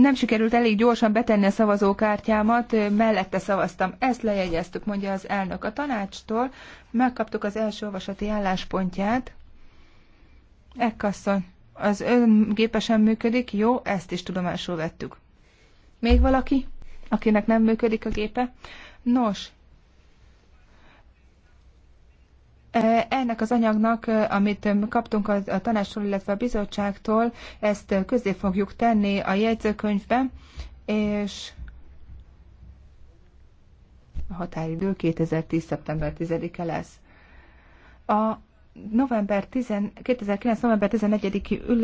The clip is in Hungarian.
nem sikerült elég gyorsan betenni a szavazókártyámat, mellette szavaztam. Ezt lejegyeztük, mondja az elnök. A tanácstól megkaptuk az első olvasati álláspontját. Ekkasszony, az ön gépesen működik, jó, ezt is tudomásul vettük. Még valaki, akinek nem működik a gépe? Nos, Ennek az anyagnak, amit kaptunk a tanácsról, illetve a bizottságtól, ezt közé fogjuk tenni a jegyzőkönyvbe, és a határidő 2010. szeptember 10-e lesz. A november 10, 2009. november 11-i ülés